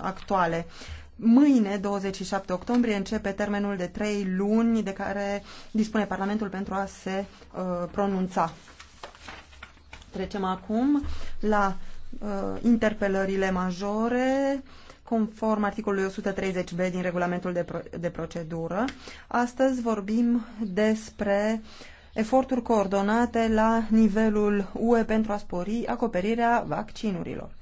actuale. Mâine, 27 octombrie, începe termenul de trei luni de care dispune Parlamentul pentru a se uh, pronunța. Trecem acum la uh, interpelările majore conform articolului 130b din regulamentul de, pro de procedură. Astăzi vorbim despre eforturi coordonate la nivelul UE pentru a spori acoperirea vaccinurilor.